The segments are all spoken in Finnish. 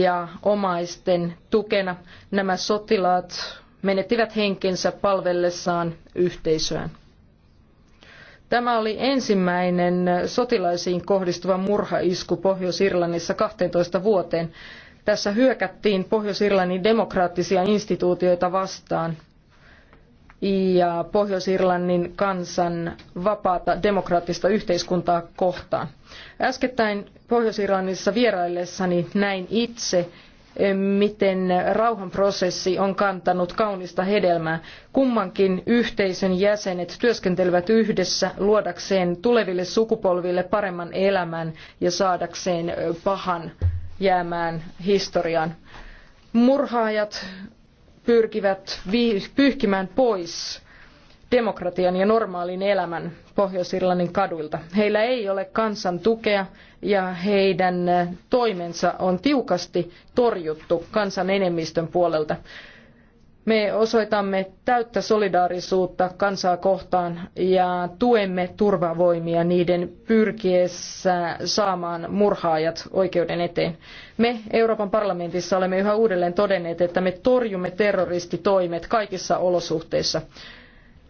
ja omaisten tukena nämä sotilaat menettivät henkensä palvellessaan yhteisöään. Tämä oli ensimmäinen sotilaisiin kohdistuva murhaisku Pohjois-Irlannissa 12 vuoteen. Tässä hyökättiin Pohjois-Irlannin demokraattisia instituutioita vastaan – ja Pohjois-Irlannin kansan vapaata demokraattista yhteiskuntaa kohtaan. Äskettäin Pohjois-Irlannissa vieraillessani näin itse, miten rauhanprosessi on kantanut kaunista hedelmää. Kummankin yhteisön jäsenet työskentelevät yhdessä luodakseen tuleville sukupolville paremman elämän ja saadakseen pahan jäämään historiaan. Murhaajat pyrkivät pyyhkimään pois demokratian ja normaalin elämän Pohjois-Irlannin kaduilta. Heillä ei ole kansan tukea ja heidän toimensa on tiukasti torjuttu kansan enemmistön puolelta me osoitamme täyttä solidaarisuutta kansaa kohtaan ja tuemme turvavoimia niiden pyrkiessä saamaan murhaajat oikeuden eteen. Me Euroopan parlamentissa olemme yhä uudelleen todenneet, että me torjumme terroristitoimet kaikissa olosuhteissa.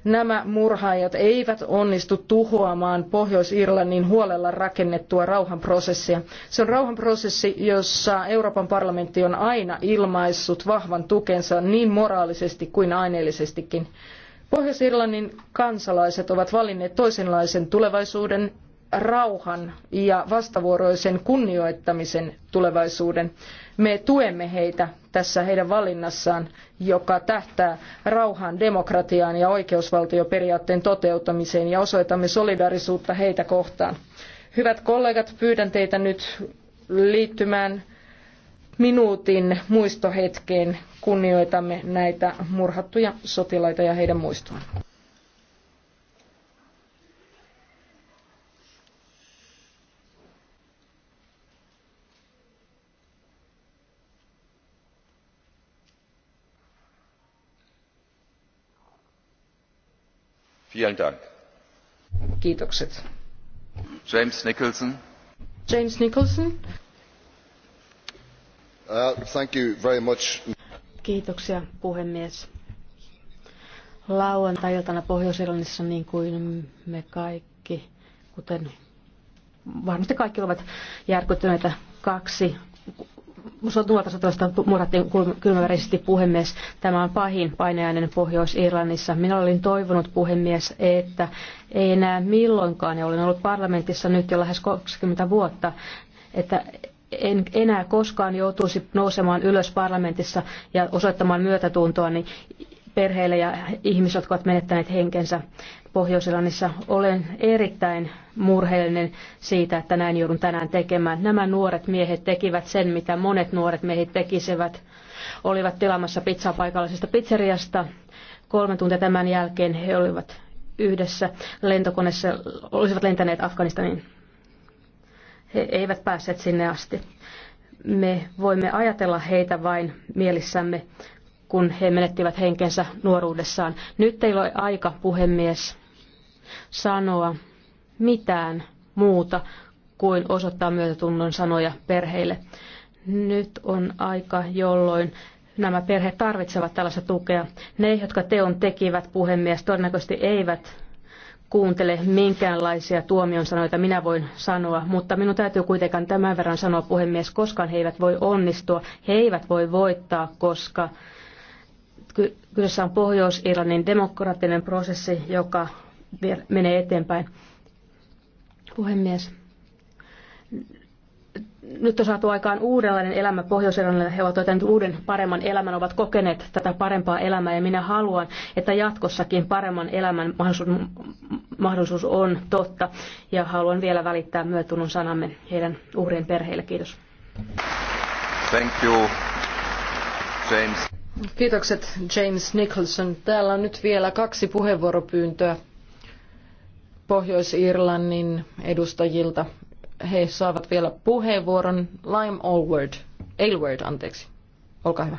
Nämä murhaajat eivät onnistu tuhoamaan Pohjois-Irlannin huolella rakennettua rauhanprosessia. Se on rauhanprosessi, jossa Euroopan parlamentti on aina ilmaissut vahvan tukensa niin moraalisesti kuin aineellisestikin. Pohjois-Irlannin kansalaiset ovat valinneet toisenlaisen tulevaisuuden rauhan ja vastavuoroisen kunnioittamisen tulevaisuuden. Me tuemme heitä tässä heidän valinnassaan, joka tähtää rauhaan, demokratiaan ja oikeusvaltioperiaatteen toteuttamiseen ja osoitamme solidaarisuutta heitä kohtaan. Hyvät kollegat, pyydän teitä nyt liittymään minuutin muistohetkeen. Kunnioitamme näitä murhattuja sotilaita ja heidän muistoaan. Vielen Dank. James Nicholson. James Nicholson. Uh, thank you very much. Kiitoksia puhemies. Lauantai-iltana Pohjois-Irlannissa niin kuin me kaikki, kuten varmasti kaikki ovat järkyttyneitä kaksi tuolta murhattiin kylmäverisesti puhemies. Tämä on pahin painajainen Pohjois-Irlannissa. Minä olin toivonut puhemies, että ei enää milloinkaan, ja olen ollut parlamentissa nyt jo lähes 20 vuotta, että en enää koskaan joutuisi nousemaan ylös parlamentissa ja osoittamaan myötätuntoa, niin perheille ja ihmisille, jotka ovat menettäneet henkensä pohjois Olen erittäin murheellinen siitä, että näin joudun tänään tekemään. Nämä nuoret miehet tekivät sen, mitä monet nuoret miehet tekisivät. Olivat tilamassa pizzaa paikallisesta pizzeriasta. Kolme tuntia tämän jälkeen he olivat yhdessä lentokoneessa, olisivat lentäneet Afganistaniin. He eivät päässeet sinne asti. Me voimme ajatella heitä vain mielissämme, kun he menettivät henkensä nuoruudessaan. Nyt teillä on aika, puhemies, sanoa mitään muuta kuin osoittaa myötätunnon sanoja perheille. Nyt on aika, jolloin nämä perheet tarvitsevat tällaista tukea. Ne, jotka teon tekivät, puhemies, todennäköisesti eivät kuuntele minkäänlaisia tuomion sanoita, minä voin sanoa, mutta minun täytyy kuitenkaan tämän verran sanoa, puhemies, koskaan he eivät voi onnistua, he eivät voi voittaa, koska Kyseessä on Pohjois-Irlannin demokraattinen prosessi, joka menee eteenpäin. Puhemies, nyt on saatu aikaan uudenlainen elämä pohjois -Irlannille. He ovat löytäneet uuden paremman elämän, ovat kokeneet tätä parempaa elämää ja minä haluan, että jatkossakin paremman elämän mahdollisuus, mahdollisuus on totta ja haluan vielä välittää myötunnon sanamme heidän uhrien perheille. Kiitos. Thank you, James. Kiitokset James Nicholson. Täällä on nyt vielä kaksi puheenvuoropyyntöä Pohjois-Irlannin edustajilta. He saavat vielä puheenvuoron. Lime Allward, Aylward, anteeksi. Olkaa hyvä.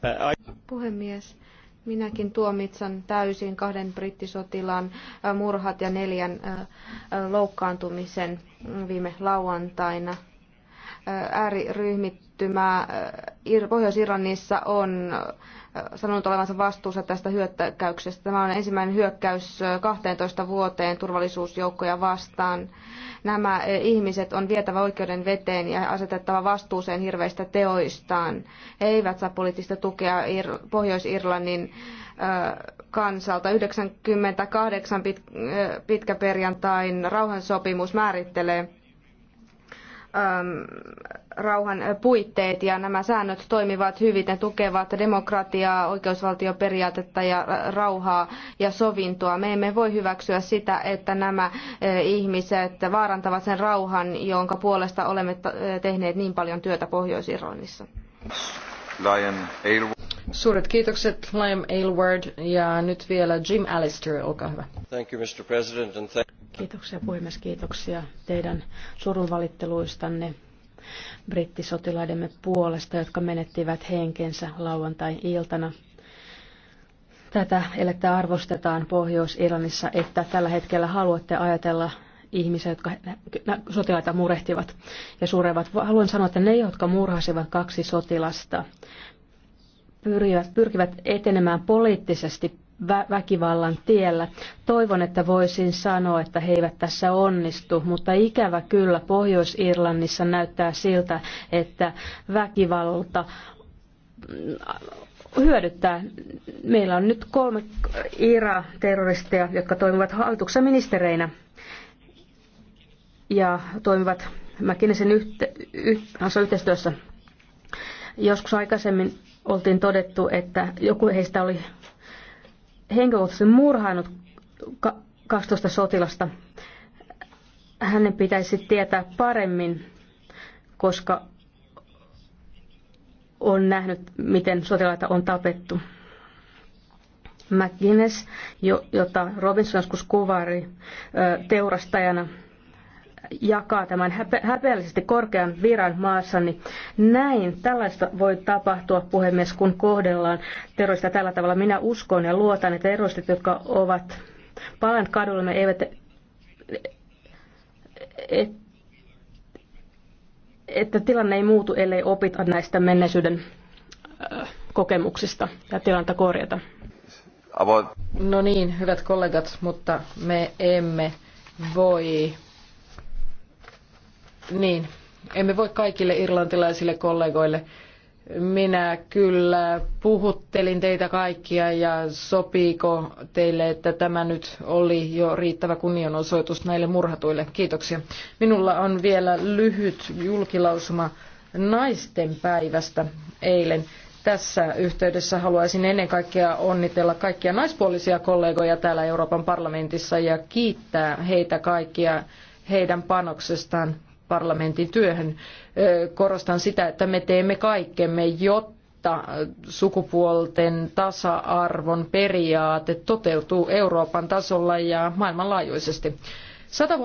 Uh, Puhemies, Minäkin tuomitsen täysin kahden brittisotilaan äh, murhat ja neljän äh, äh, loukkaantumisen mm, viime lauantaina ääriryhmittymä äh, Pohjois-Irlannissa on äh, sanonut olevansa vastuussa tästä hyökkäyksestä. Tämä on ensimmäinen hyökkäys 12 äh, vuoteen turvallisuusjoukkoja vastaan. Nämä ihmiset on vietävä oikeuden veteen ja asetettava vastuuseen hirveistä teoistaan. He eivät saa poliittista tukea Pohjois-Irlannin kansalta. 98 pitkä perjantain rauhansopimus määrittelee Ähm, rauhan puitteet ja nämä säännöt toimivat hyvin. Ne tukevat demokratiaa, oikeusvaltioperiaatetta ja rauhaa ja sovintoa. Me emme voi hyväksyä sitä, että nämä äh, ihmiset vaarantavat sen rauhan, jonka puolesta olemme äh, tehneet niin paljon työtä Pohjois-Irlannissa. Suuret kiitokset Liam Aylward ja nyt vielä Jim Allister, olkaa hyvä. Thank you, Mr. President, and Kiitoksia puhemies, kiitoksia teidän surunvalitteluistanne brittisotilaidemme puolesta, jotka menettivät henkensä lauantai-iltana. Tätä elettä arvostetaan Pohjois-Irlannissa, että tällä hetkellä haluatte ajatella ihmisiä, jotka sotilaita murehtivat ja surevat. Haluan sanoa, että ne, jotka murhasivat kaksi sotilasta, pyrkivät etenemään poliittisesti väkivallan tiellä. Toivon, että voisin sanoa, että he eivät tässä onnistu, mutta ikävä kyllä Pohjois-Irlannissa näyttää siltä, että väkivalta mm, hyödyttää. Meillä on nyt kolme IRA-terroristia, jotka toimivat hallituksen ministereinä ja toimivat McKinsey yhte- yh- yhteistyössä. Joskus aikaisemmin oltiin todettu, että joku heistä oli henkilökohtaisesti murhannut 12 sotilasta. Hänen pitäisi tietää paremmin, koska on nähnyt, miten sotilaita on tapettu. McGuinness, jota Robinson joskus kuvaari teurastajana jakaa tämän häpe- häpeällisesti korkean viran niin Näin tällaista voi tapahtua, puhemies, kun kohdellaan terroristia tällä tavalla. Minä uskon ja luotan, että terroristit, jotka ovat palan kadulle, eivät... Et, että tilanne ei muutu, ellei opita näistä menneisyyden äh, kokemuksista ja tilanta korjata. No niin, hyvät kollegat, mutta me emme voi niin, emme voi kaikille irlantilaisille kollegoille. Minä kyllä puhuttelin teitä kaikkia ja sopiiko teille, että tämä nyt oli jo riittävä kunnianosoitus näille murhatuille. Kiitoksia. Minulla on vielä lyhyt julkilausuma naisten päivästä eilen. Tässä yhteydessä haluaisin ennen kaikkea onnitella kaikkia naispuolisia kollegoja täällä Euroopan parlamentissa ja kiittää heitä kaikkia heidän panoksestaan parlamentin työhön. Korostan sitä, että me teemme kaikkemme, jotta sukupuolten tasa-arvon periaate toteutuu Euroopan tasolla ja maailmanlaajuisesti. Sata